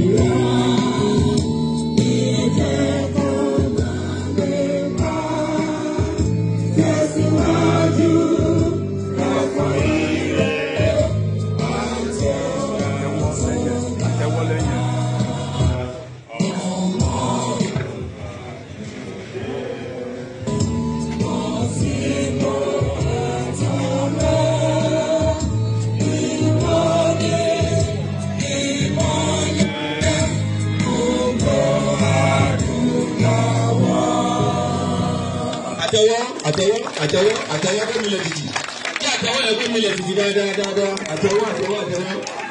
you. àtẹ́wọ́ àtẹ́wọ́ àtẹ́wọ́ àtẹ́wọ́ kó mi lè tìtì kí àtẹ́wọ́ yẹn kó mi lè tìtì dáadáa dáadáa àtẹ́wọ́ àtẹ́wọ́